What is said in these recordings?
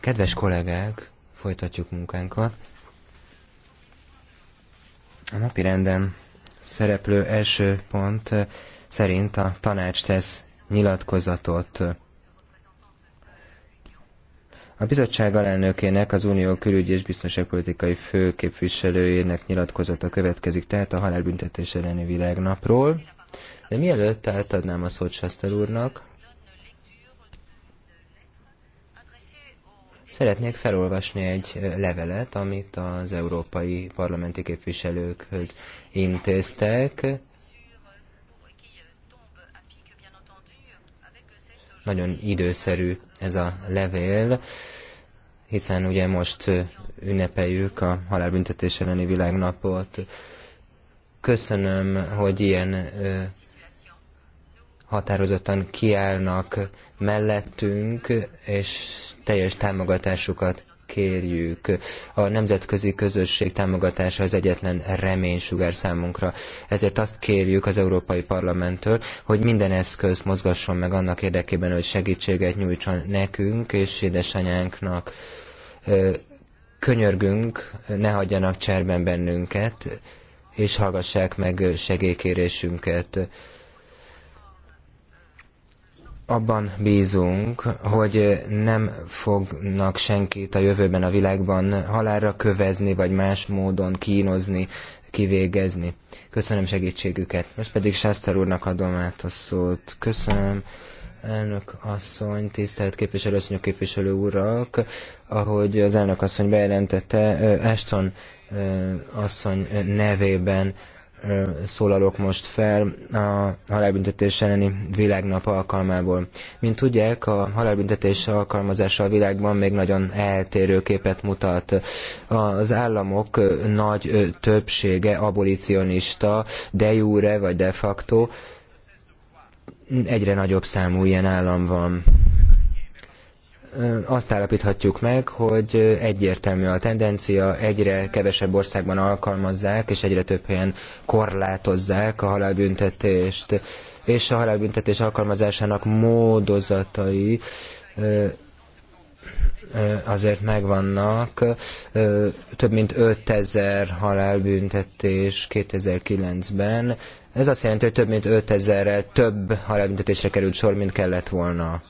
Kedves kollégák, folytatjuk munkánkat. A napi renden szereplő első pont szerint a tanács tesz nyilatkozatot. A bizottság alelnökének, az Unió külügyi és biztonságpolitikai főképviselőjének nyilatkozata következik, tehát a halálbüntetés elleni világnapról. De mielőtt átadnám a szót Sester úrnak, Szeretnék felolvasni egy levelet, amit az európai parlamenti képviselőkhöz intéztek. Nagyon időszerű ez a levél, hiszen ugye most ünnepeljük a halálbüntetés elleni világnapot. Köszönöm, hogy ilyen határozottan kiállnak mellettünk, és teljes támogatásukat kérjük. A nemzetközi közösség támogatása az egyetlen reménysugár számunkra. Ezért azt kérjük az Európai Parlamenttől, hogy minden eszköz mozgasson meg annak érdekében, hogy segítséget nyújtson nekünk és édesanyánknak. Könyörgünk, ne hagyjanak cserben bennünket, és hallgassák meg segélykérésünket. Abban bízunk, hogy nem fognak senkit a jövőben a világban halálra kövezni, vagy más módon kínozni, kivégezni. Köszönöm segítségüket. Most pedig Sászter úrnak adom át a szót. Köszönöm. Elnök asszony, tisztelt képviselő asszonyok, képviselő urak, ahogy az elnök asszony bejelentette, Ashton asszony nevében szólalok most fel a halálbüntetés elleni világnap alkalmából. Mint tudják, a halálbüntetés alkalmazása a világban még nagyon eltérő képet mutat. Az államok nagy többsége abolicionista, de jure vagy de facto, egyre nagyobb számú ilyen állam van azt állapíthatjuk meg, hogy egyértelmű a tendencia, egyre kevesebb országban alkalmazzák, és egyre több helyen korlátozzák a halálbüntetést, és a halálbüntetés alkalmazásának módozatai azért megvannak. Több mint 5000 halálbüntetés 2009-ben. Ez azt jelenti, hogy több mint 5000-rel több halálbüntetésre került sor, mint kellett volna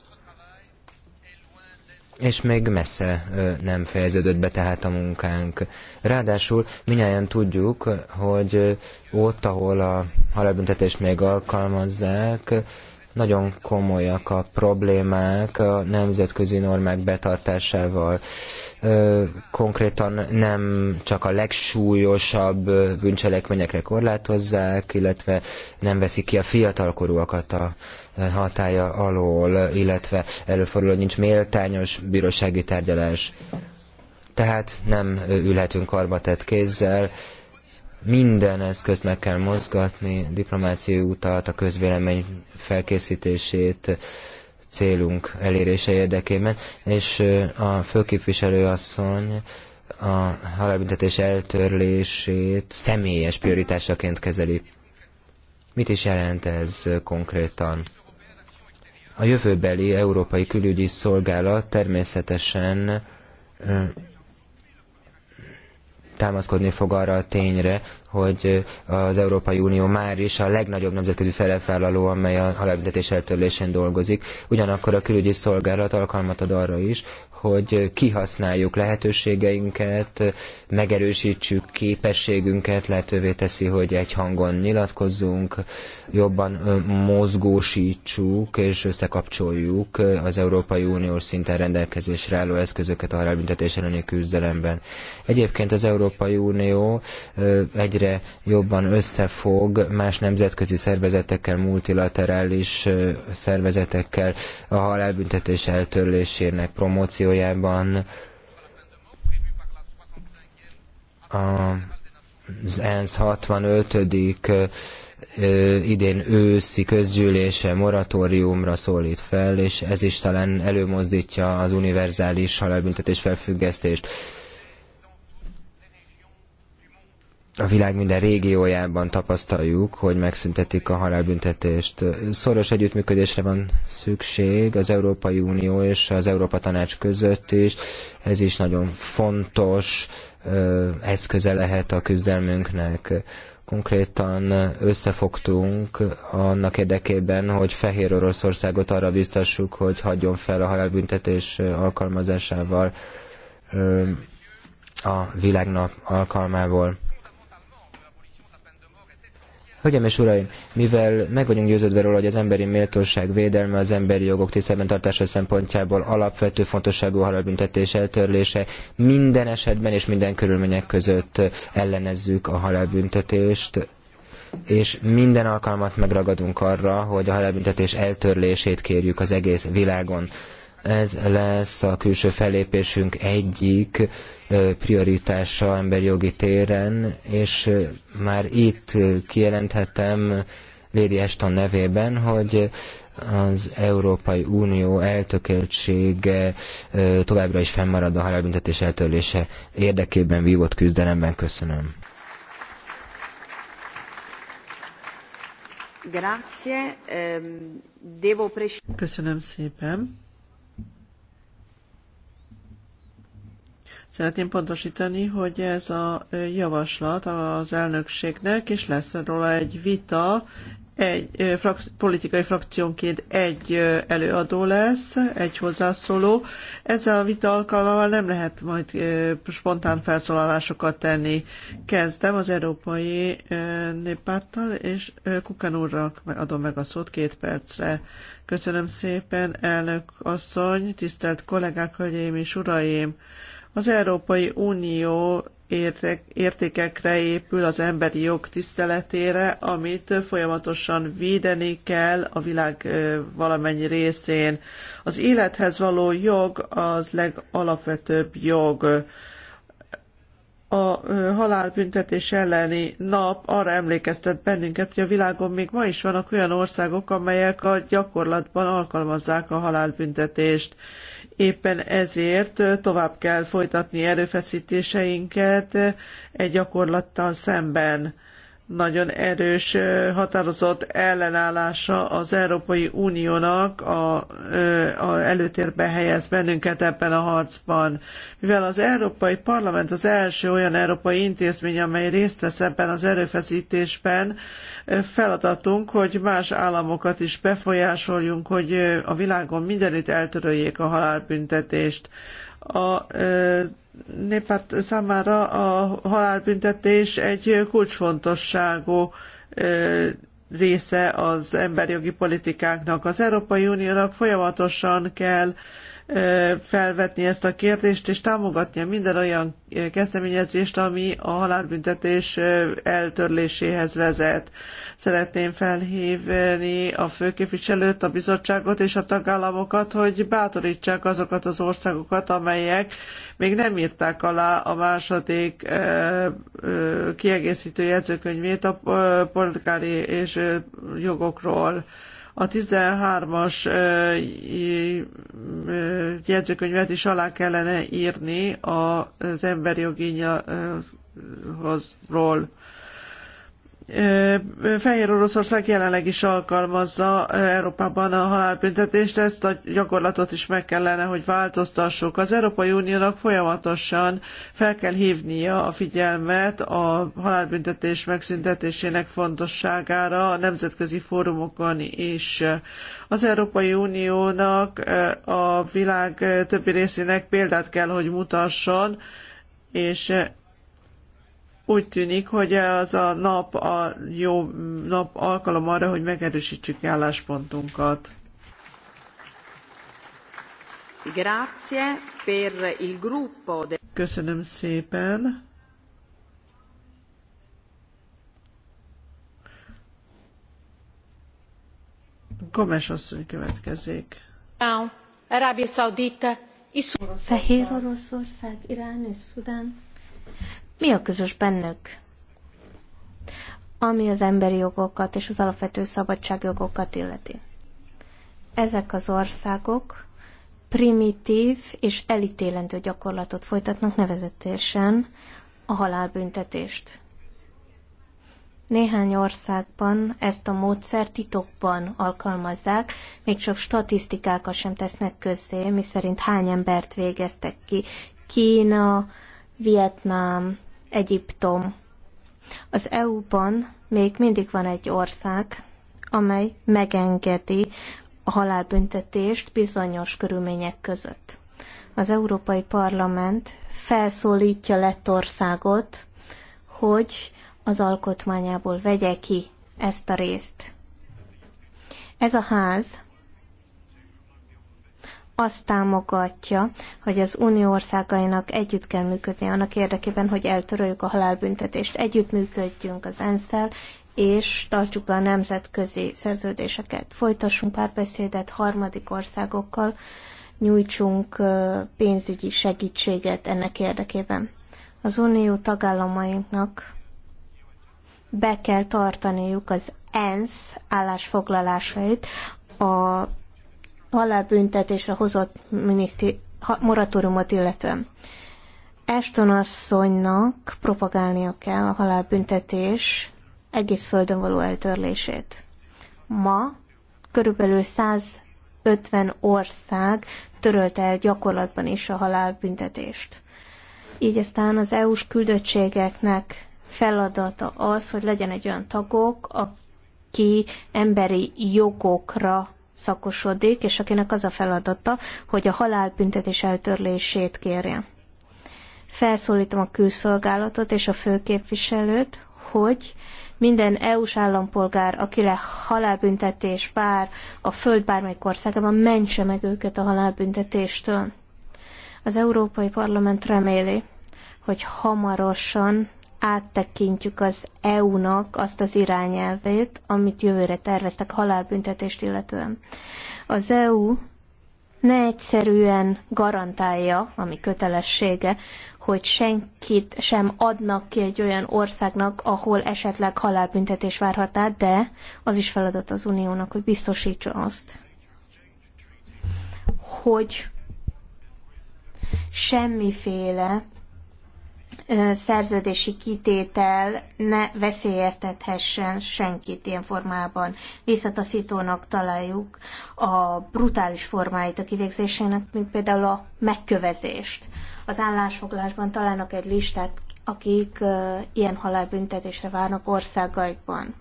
és még messze nem fejeződött be tehát a munkánk. Ráadásul minnyáján tudjuk, hogy ott, ahol a halálbüntetést még alkalmazzák, nagyon komolyak a problémák a nemzetközi normák betartásával. Konkrétan nem csak a legsúlyosabb bűncselekményekre korlátozzák, illetve nem veszik ki a fiatalkorúakat a hatája alól, illetve előfordul, hogy nincs méltányos bírósági tárgyalás. Tehát nem ülhetünk tett kézzel, minden eszközt meg kell mozgatni, diplomáciai utat, a közvélemény felkészítését, célunk elérése érdekében, és a főképviselő asszony a halálbüntetés eltörlését személyes prioritásaként kezeli. Mit is jelent ez konkrétan? A jövőbeli Európai Külügyi Szolgálat természetesen támaszkodni fog arra a tényre, hogy az Európai Unió már is a legnagyobb nemzetközi szerepvállaló, amely a halálbüntetés eltörlésén dolgozik. Ugyanakkor a külügyi szolgálat alkalmat ad arra is, hogy kihasználjuk lehetőségeinket, megerősítsük képességünket, lehetővé teszi, hogy egy hangon nyilatkozzunk, jobban mozgósítsuk és összekapcsoljuk az Európai Unió szinten rendelkezésre álló eszközöket a halálbüntetés elleni küzdelemben. Egyébként az Európai Unió egyre jobban összefog más nemzetközi szervezetekkel, multilaterális szervezetekkel a halálbüntetés eltörlésének promóció stúdiójában A az ENSZ 65. idén őszi közgyűlése moratóriumra szólít fel, és ez is talán előmozdítja az univerzális halálbüntetés felfüggesztést. a világ minden régiójában tapasztaljuk, hogy megszüntetik a halálbüntetést. Szoros együttműködésre van szükség az Európai Unió és az Európa Tanács között is. Ez is nagyon fontos eszköze lehet a küzdelmünknek. Konkrétan összefogtunk annak érdekében, hogy Fehér Oroszországot arra biztassuk, hogy hagyjon fel a halálbüntetés alkalmazásával a világnap alkalmából. Hölgyeim és uraim, mivel meg vagyunk győződve róla, hogy az emberi méltóság védelme az emberi jogok tiszteletben tartása szempontjából alapvető fontosságú halálbüntetés eltörlése, minden esetben és minden körülmények között ellenezzük a halálbüntetést, és minden alkalmat megragadunk arra, hogy a halálbüntetés eltörlését kérjük az egész világon. Ez lesz a külső fellépésünk egyik prioritása emberi jogi téren, és már itt kijelenthetem Lady Ashton nevében, hogy az Európai Unió eltökéltsége továbbra is fennmarad a halálbüntetés eltörlése érdekében vívott küzdelemben. Köszönöm. Ehm, Köszönöm szépen. Szeretném pontosítani, hogy ez a javaslat az elnökségnek, és lesz róla egy vita, egy frak, politikai frakciónként egy előadó lesz, egy hozzászóló. Ezzel a vita alkalmával nem lehet majd spontán felszólalásokat tenni. Kezdem az Európai Néppárttal, és Kukan úrral adom meg a szót két percre. Köszönöm szépen, elnök asszony, tisztelt kollégák, hölgyeim és uraim! Az Európai Unió értékekre épül az emberi jog tiszteletére, amit folyamatosan védeni kell a világ valamennyi részén. Az élethez való jog az legalapvetőbb jog a halálbüntetés elleni nap arra emlékeztet bennünket, hogy a világon még ma is vannak olyan országok, amelyek a gyakorlatban alkalmazzák a halálbüntetést. Éppen ezért tovább kell folytatni erőfeszítéseinket egy gyakorlattal szemben nagyon erős, határozott ellenállása az Európai Uniónak a, a előtérbe helyez bennünket ebben a harcban. Mivel az Európai Parlament az első olyan európai intézmény, amely részt vesz ebben az erőfeszítésben, feladatunk, hogy más államokat is befolyásoljunk, hogy a világon mindenütt eltöröljék a halálbüntetést a néppárt számára a halálbüntetés egy kulcsfontosságú része az emberi jogi politikáknak. Az Európai Uniónak folyamatosan kell felvetni ezt a kérdést, és támogatnia minden olyan kezdeményezést, ami a halálbüntetés eltörléséhez vezet. Szeretném felhívni a főképviselőt, a bizottságot és a tagállamokat, hogy bátorítsák azokat az országokat, amelyek még nem írták alá a második kiegészítő jegyzőkönyvét a polgári és jogokról a 13-as jegyzőkönyvet is alá kellene írni az emberi jogi nyilatkozatról. Fehér Oroszország jelenleg is alkalmazza Európában a halálbüntetést, ezt a gyakorlatot is meg kellene, hogy változtassuk. Az Európai Uniónak folyamatosan fel kell hívnia a figyelmet a halálbüntetés megszüntetésének fontosságára a nemzetközi fórumokon is. Az Európai Uniónak a világ többi részének példát kell, hogy mutasson, és úgy tűnik, hogy az a nap a jó nap alkalom arra, hogy megerősítsük álláspontunkat. Grazie per il gruppo de... Köszönöm szépen. Gomes asszony következik. Arábia Szaudita, Fehér Oroszország, Irán és Szudán mi a közös bennük? Ami az emberi jogokat és az alapvető szabadságjogokat illeti. Ezek az országok primitív és elítélendő gyakorlatot folytatnak nevezetesen a halálbüntetést. Néhány országban ezt a módszert titokban alkalmazzák, még csak statisztikákat sem tesznek közzé, miszerint hány embert végeztek ki. Kína, Vietnám, Egyiptom. Az EU-ban még mindig van egy ország, amely megengedi a halálbüntetést bizonyos körülmények között. Az Európai Parlament felszólítja Lettországot, hogy az alkotmányából vegye ki ezt a részt. Ez a ház azt támogatja, hogy az unió országainak együtt kell működni annak érdekében, hogy eltöröljük a halálbüntetést, együttműködjünk az ENSZ-tel, és tartsuk be a nemzetközi szerződéseket. Folytassunk párbeszédet harmadik országokkal, nyújtsunk pénzügyi segítséget ennek érdekében. Az unió tagállamainknak be kell tartaniuk az ENSZ állásfoglalásait a halálbüntetésre hozott miniszti, moratóriumot illetően. Ashton asszonynak propagálnia kell a halálbüntetés egész földön való eltörlését. Ma körülbelül 150 ország törölte el gyakorlatban is a halálbüntetést. Így aztán az EU-s küldöttségeknek feladata az, hogy legyen egy olyan tagok, aki emberi jogokra szakosodik, és akinek az a feladata, hogy a halálbüntetés eltörlését kérje. Felszólítom a külszolgálatot és a főképviselőt, hogy minden EU-s állampolgár, akire halálbüntetés bár a föld bármelyik országában, mentse meg őket a halálbüntetéstől. Az Európai Parlament reméli, hogy hamarosan áttekintjük az EU-nak azt az irányelvét, amit jövőre terveztek halálbüntetést illetően. Az EU ne egyszerűen garantálja, ami kötelessége, hogy senkit sem adnak ki egy olyan országnak, ahol esetleg halálbüntetés várhatná, de az is feladat az Uniónak, hogy biztosítsa azt, hogy semmiféle szerződési kitétel ne veszélyeztethessen senkit ilyen formában. Visszataszítónak találjuk a brutális formáit a kivégzésének, mint például a megkövezést. Az állásfoglásban találnak egy listát, akik ilyen halálbüntetésre várnak országaikban.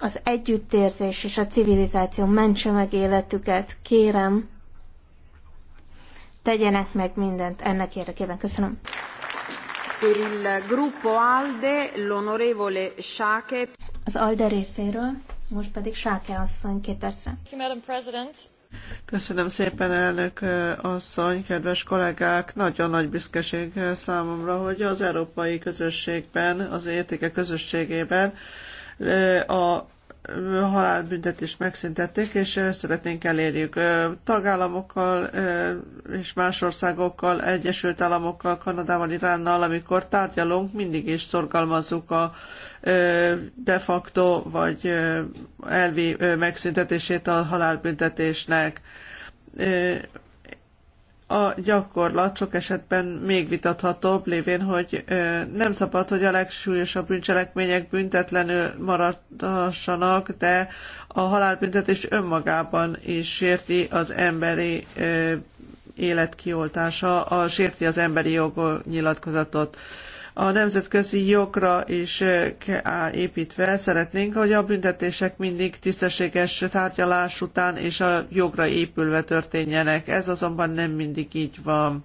Az együttérzés és a civilizáció mentse meg életüket, kérem, tegyenek meg mindent ennek érdekében. Köszönöm. Per il gruppo ALDE, l'onorevole Sáke. Az ALDE részéről, most pedig Sáke asszony, két percre. Madam President. Köszönöm szépen, elnök asszony, kedves kollégák! Nagyon nagy büszkeség számomra, hogy az európai közösségben, az értéke közösségében a halálbüntetést megszüntették, és szeretnénk elérjük tagállamokkal és más országokkal, Egyesült Államokkal, Kanadával, Iránnal, amikor tárgyalunk, mindig is szorgalmazzuk a de facto vagy elvi megszüntetését a halálbüntetésnek a gyakorlat sok esetben még vitathatóbb, lévén, hogy nem szabad, hogy a legsúlyosabb bűncselekmények büntetlenül maradhassanak, de a halálbüntetés önmagában is sérti az emberi élet kioltása, a, sérti az emberi jognyilatkozatot. nyilatkozatot a nemzetközi jogra is építve szeretnénk, hogy a büntetések mindig tisztességes tárgyalás után és a jogra épülve történjenek. Ez azonban nem mindig így van.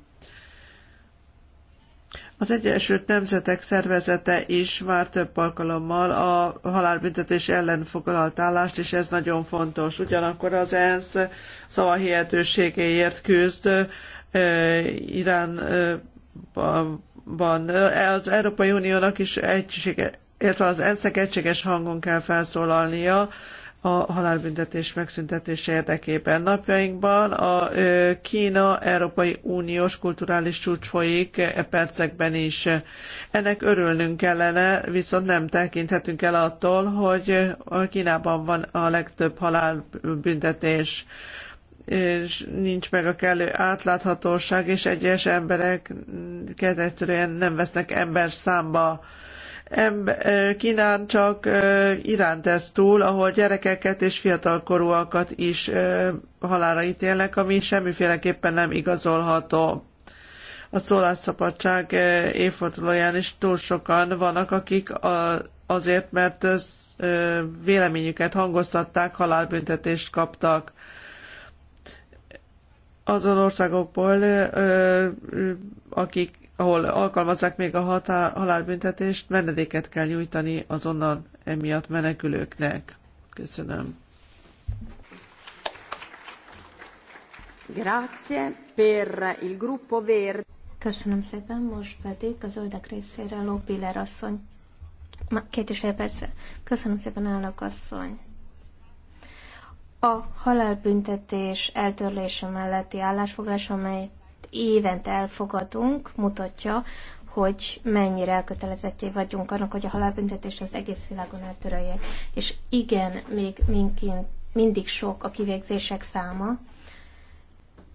Az Egyesült Nemzetek Szervezete is már több alkalommal a halálbüntetés ellen foglalt állást, és ez nagyon fontos. Ugyanakkor az ENSZ szavahihetőségéért küzd Irán van. Az Európai Uniónak is egysége, illetve az ensz egységes hangon kell felszólalnia a halálbüntetés megszüntetése érdekében. Napjainkban a Kína-Európai Uniós kulturális csúcs folyik e percekben is. Ennek örülnünk kellene, viszont nem tekinthetünk el attól, hogy a Kínában van a legtöbb halálbüntetés és nincs meg a kellő átláthatóság, és egyes emberek egyszerűen nem vesznek ember számba. Kínán csak Irán tesz túl, ahol gyerekeket és fiatalkorúakat is halára ítélnek, ami semmiféleképpen nem igazolható. A szólásszabadság évfordulóján is túl sokan vannak, akik azért, mert véleményüket hangoztatták, halálbüntetést kaptak azon országokból, akik, ahol alkalmazzák még a hatá, halálbüntetést, menedéket kell nyújtani azonnal emiatt menekülőknek. Köszönöm. Grazie per il gruppo Verde. Köszönöm szépen, most pedig a zöldek részére Lópiller asszony. Két és fél percre. Köszönöm szépen, elnök asszony a halálbüntetés eltörlése melletti állásfoglás, amelyet évente elfogadunk, mutatja, hogy mennyire elkötelezettjé vagyunk annak, hogy a halálbüntetés az egész világon eltörölje. És igen, még minként, mindig sok a kivégzések száma,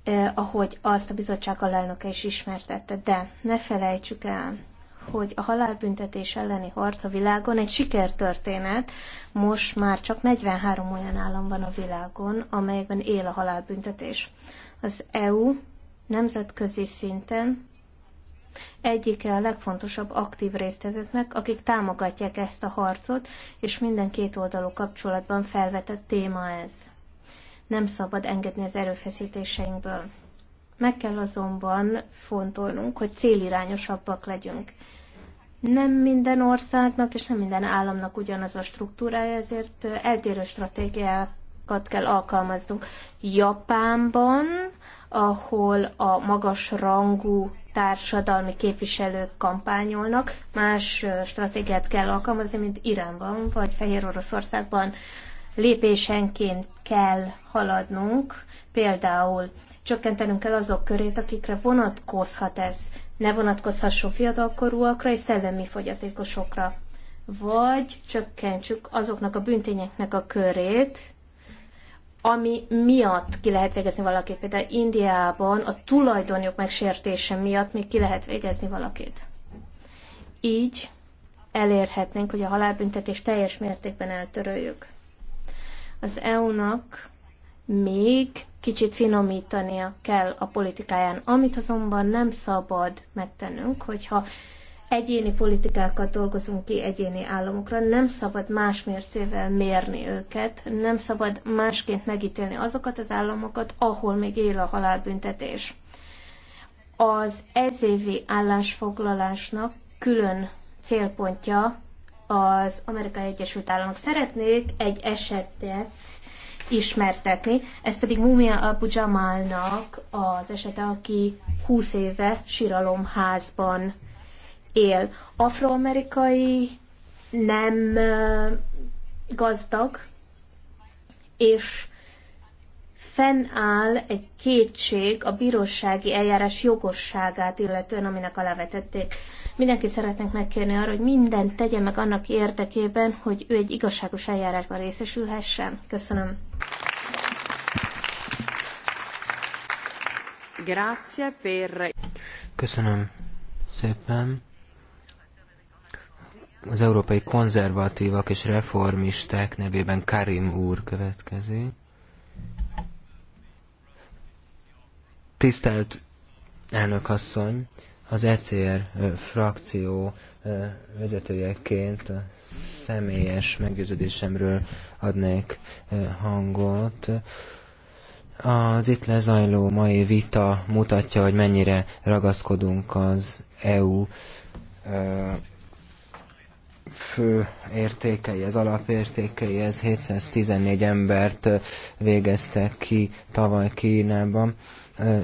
eh, ahogy azt a bizottság alelnöke is ismertette, de ne felejtsük el, hogy a halálbüntetés elleni harc a világon egy sikertörténet. Most már csak 43 olyan állam van a világon, amelyekben él a halálbüntetés. Az EU nemzetközi szinten egyike a legfontosabb aktív résztvevőknek, akik támogatják ezt a harcot, és minden két oldalú kapcsolatban felvetett téma ez. Nem szabad engedni az erőfeszítéseinkből. Meg kell azonban fontolnunk, hogy célirányosabbak legyünk. Nem minden országnak és nem minden államnak ugyanaz a struktúrája, ezért eltérő stratégiákat kell alkalmaznunk. Japánban, ahol a magas rangú társadalmi képviselők kampányolnak, más stratégiát kell alkalmazni, mint Iránban vagy Fehér Oroszországban lépésenként kell haladnunk, például csökkentenünk kell azok körét, akikre vonatkozhat ez. Ne vonatkozhasson fiatalkorúakra és szellemi fogyatékosokra. Vagy csökkentsük azoknak a büntényeknek a körét, ami miatt ki lehet végezni valakit. Például Indiában a tulajdonjog megsértése miatt még ki lehet végezni valakit. Így elérhetnénk, hogy a halálbüntetés teljes mértékben eltöröljük. Az EU-nak még kicsit finomítania kell a politikáján. Amit azonban nem szabad megtennünk, hogyha egyéni politikákat dolgozunk ki egyéni államokra, nem szabad más mércével mérni őket, nem szabad másként megítélni azokat az államokat, ahol még él a halálbüntetés. Az ezévi állásfoglalásnak külön célpontja az Amerikai Egyesült Államok. Szeretnék egy esetet ismertetni. Ez pedig Mumia Abu Jamalnak az esete, aki 20 éve síralomházban él. Afroamerikai, nem gazdag, és fennáll egy kétség a bírósági eljárás jogosságát, illetően aminek alávetették. Mindenki szeretnénk megkérni arra, hogy mindent tegye meg annak érdekében, hogy ő egy igazságos eljárásban részesülhessen. Köszönöm. Köszönöm szépen. Az európai konzervatívak és reformisták nevében Karim úr következik. Tisztelt elnök asszony, az ECR frakció vezetőjeként a személyes meggyőződésemről adnék hangot. Az itt lezajló mai vita mutatja, hogy mennyire ragaszkodunk az EU fő értékei, az alapértékei, ez 714 embert végeztek ki tavaly Kínában.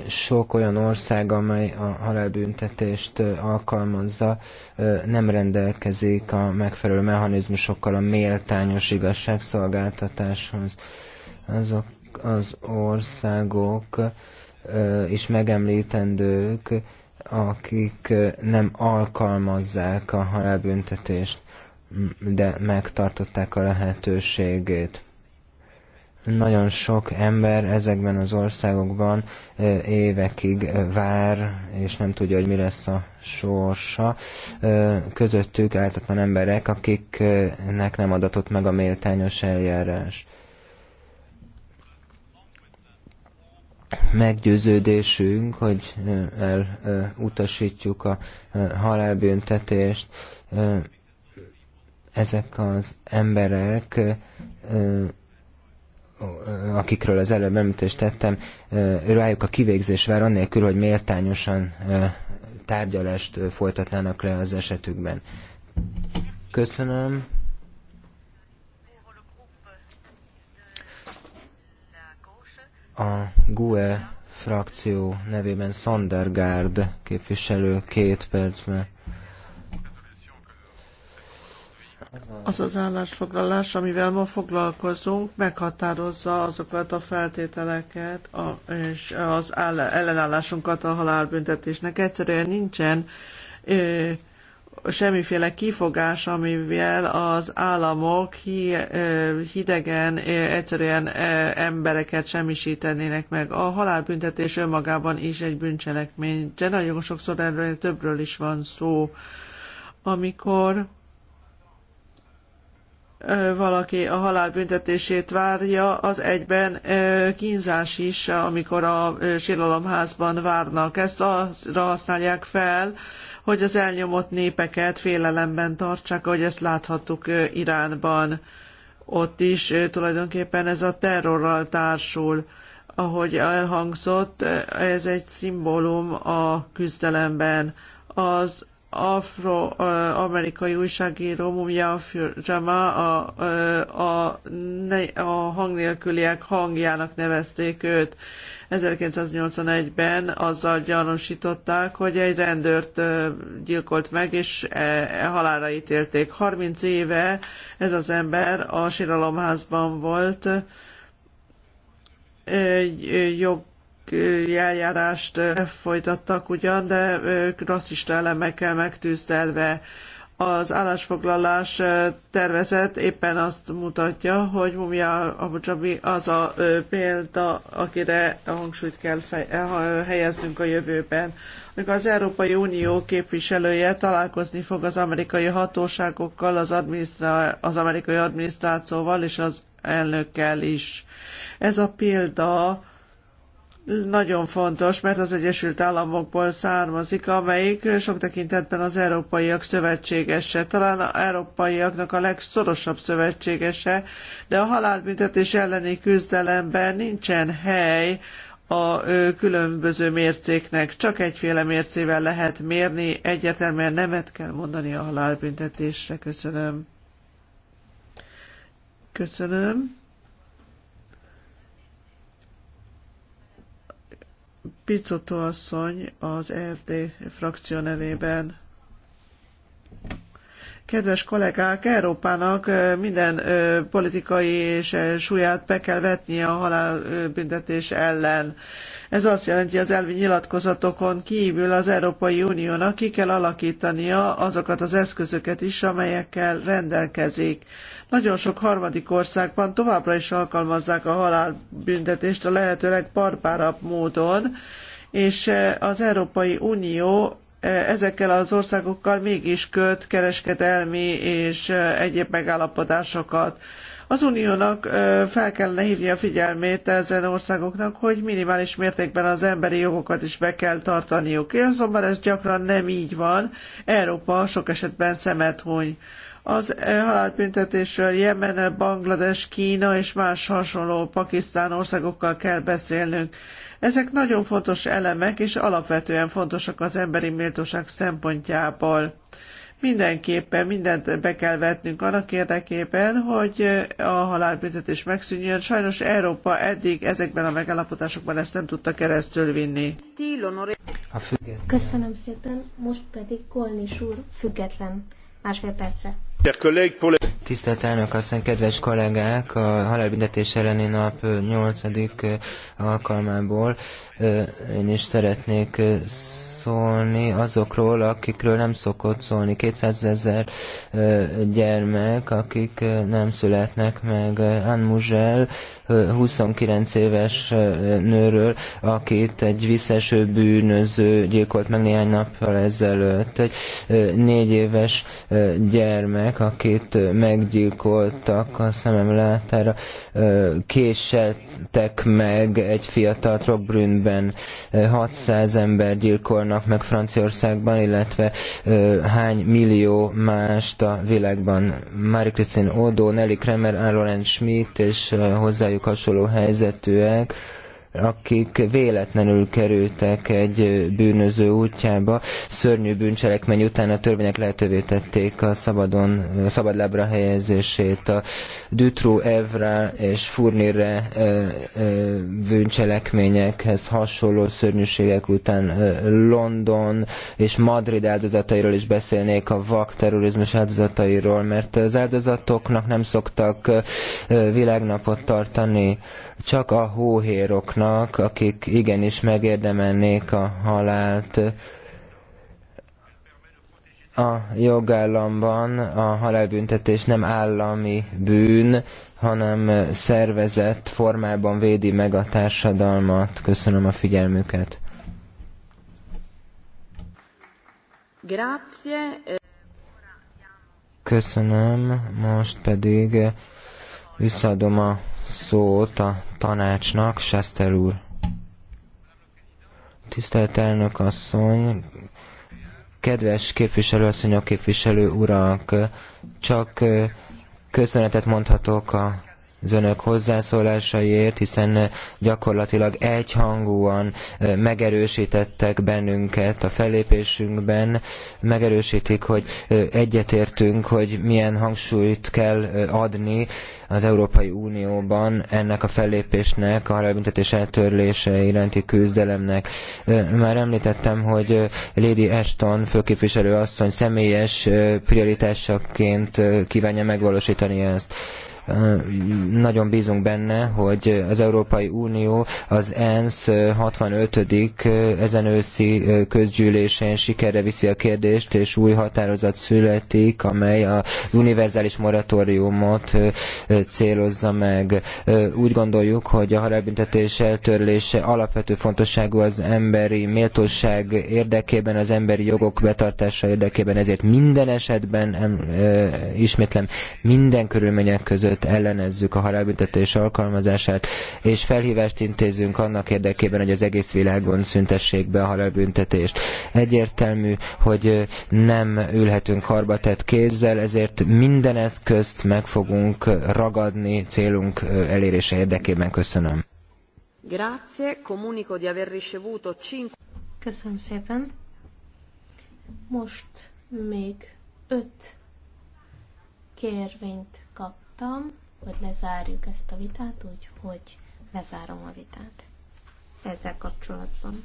Sok olyan ország, amely a halálbüntetést alkalmazza, nem rendelkezik a megfelelő mechanizmusokkal a méltányos igazságszolgáltatáshoz. Azok az országok is megemlítendők, akik nem alkalmazzák a halálbüntetést, de megtartották a lehetőségét. Nagyon sok ember ezekben az országokban évekig vár, és nem tudja, hogy mi lesz a sorsa. Közöttük áltatlan emberek, akiknek nem adatott meg a méltányos eljárás meggyőződésünk, hogy elutasítjuk a halálbüntetést. Ezek az emberek, akikről az előbb említést tettem, rájuk a kivégzés vár, annélkül, hogy méltányosan tárgyalást folytatnának le az esetükben. Köszönöm. A GUE frakció nevében Sondergaard képviselő két percben. Az az állásfoglalás, amivel ma foglalkozunk, meghatározza azokat a feltételeket a, és az áll, ellenállásunkat a halálbüntetésnek. Egyszerűen nincsen ö, semmiféle kifogás, amivel az államok hidegen, egyszerűen embereket semmisítenének meg. A halálbüntetés önmagában is egy bűncselekmény, de nagyon sokszor erről többről is van szó. Amikor valaki a halálbüntetését várja, az egyben kínzás is, amikor a sírolomházban várnak. Ezt arra használják fel, hogy az elnyomott népeket félelemben tartsák, ahogy ezt láthattuk Iránban. Ott is tulajdonképpen ez a terrorral társul. Ahogy elhangzott, ez egy szimbólum a küzdelemben. Az afro-amerikai újságíró Mumia Jama a, a, a, a hang nélküliek hangjának nevezték őt. 1981-ben azzal gyanúsították, hogy egy rendőrt gyilkolt meg, és e, e halára ítélték. 30 éve ez az ember a síralomházban volt, egy jog eljárást folytattak ugyan, de rasszista elemekkel megtűzdelve. Az állásfoglalás tervezet éppen azt mutatja, hogy Mumia Abu Dhabi az a példa, akire a hangsúlyt kell eh, helyeznünk a jövőben. Amikor az Európai Unió képviselője találkozni fog az amerikai hatóságokkal, az, az amerikai adminisztrációval és az elnökkel is. Ez a példa nagyon fontos, mert az Egyesült Államokból származik, amelyik sok tekintetben az európaiak szövetségese, talán az európaiaknak a legszorosabb szövetségese, de a halálbüntetés elleni küzdelemben nincsen hely a különböző mércéknek, csak egyféle mércével lehet mérni, egyértelműen nemet kell mondani a halálbüntetésre. Köszönöm. Köszönöm. Picotto asszony az EFD frakció nevében. Kedves kollégák, Európának minden politikai és súlyát be kell vetnie a halálbüntetés ellen. Ez azt jelenti, az elvi nyilatkozatokon kívül az Európai Uniónak ki kell alakítania azokat az eszközöket is, amelyekkel rendelkezik. Nagyon sok harmadik országban továbbra is alkalmazzák a halálbüntetést a lehető legbarbárabb módon, és az Európai Unió E, ezekkel az országokkal mégis köt kereskedelmi és e, egyéb megállapodásokat. Az uniónak e, fel kellene hívni a figyelmét ezen országoknak, hogy minimális mértékben az emberi jogokat is be kell tartaniuk. Én azonban ez gyakran nem így van. Európa sok esetben szemet huny. Az halálbüntetésről Jemen, Banglades, Kína és más hasonló Pakisztán országokkal kell beszélnünk. Ezek nagyon fontos elemek, és alapvetően fontosak az emberi méltóság szempontjából. Mindenképpen mindent be kell vetnünk annak érdekében, hogy a halálbüntetés megszűnjön. Sajnos Európa eddig ezekben a megállapodásokban ezt nem tudta keresztül vinni. Köszönöm szépen, most pedig Kolnis úr független másfél percre. Tisztelt elnök asszony, kedves kollégák! A halálbüntetés elleni nap 8. alkalmából én is szeretnék szólni azokról, akikről nem szokott szólni. 200 ezer gyermek, akik nem születnek meg. Anne Muzsel, 29 éves nőről, akit egy visszeső bűnöző gyilkolt meg néhány nappal ezelőtt. Egy négy éves gyermek, akit meggyilkoltak a szemem látára, késett öltek meg egy fiatal Trogbrünnben, 600 ember gyilkolnak meg Franciaországban, illetve hány millió mást a világban. Marie-Christine Odo, Nelly Kremer, Anne Laurent Schmidt és hozzájuk hasonló helyzetűek, akik véletlenül kerültek egy bűnöző útjába. Szörnyű bűncselekmény után a törvények lehetővé tették a szabadon, a szabadlábra helyezését, a Dutru Evra és Furnire bűncselekményekhez hasonló szörnyűségek után London és Madrid áldozatairól is beszélnék, a vak terrorizmus áldozatairól, mert az áldozatoknak nem szoktak világnapot tartani, csak a hóhéroknak azoknak, akik igenis megérdemelnék a halált. A jogállamban a halálbüntetés nem állami bűn, hanem szervezett formában védi meg a társadalmat. Köszönöm a figyelmüket. Grazie. Köszönöm, most pedig Visszaadom a szót a tanácsnak, Sester úr. Tisztelt elnök asszony, kedves asszonyok, képviselő urak, csak köszönetet mondhatok a az önök hozzászólásaiért, hiszen eh, gyakorlatilag egyhangúan eh, megerősítettek bennünket a fellépésünkben, megerősítik, hogy eh, egyetértünk, hogy milyen hangsúlyt kell adni az Európai Unióban ennek a fellépésnek, a halálbüntetés eltörlése iránti küzdelemnek. Már említettem, hogy Lady Ashton főképviselő asszony személyes prioritásaként kívánja megvalósítani ezt. Nagyon bízunk benne, hogy az Európai Unió az ENSZ 65. ezen őszi közgyűlésén sikerre viszi a kérdést, és új határozat születik, amely az univerzális moratóriumot célozza meg. Úgy gondoljuk, hogy a halálbüntetés eltörlése alapvető fontosságú az emberi méltóság érdekében, az emberi jogok betartása érdekében, ezért minden esetben, ismétlem, minden körülmények között előtt ellenezzük a halálbüntetés alkalmazását, és felhívást intézünk annak érdekében, hogy az egész világon szüntessék be a halálbüntetést. Egyértelmű, hogy nem ülhetünk karbatett kézzel, ezért minden eszközt meg fogunk ragadni célunk elérése érdekében. Köszönöm. Grazie, comunico di aver ricevuto cinque. Köszönöm szépen. Most még öt kérvényt mondtam, hogy lezárjuk ezt a vitát, úgyhogy lezárom a vitát ezzel kapcsolatban.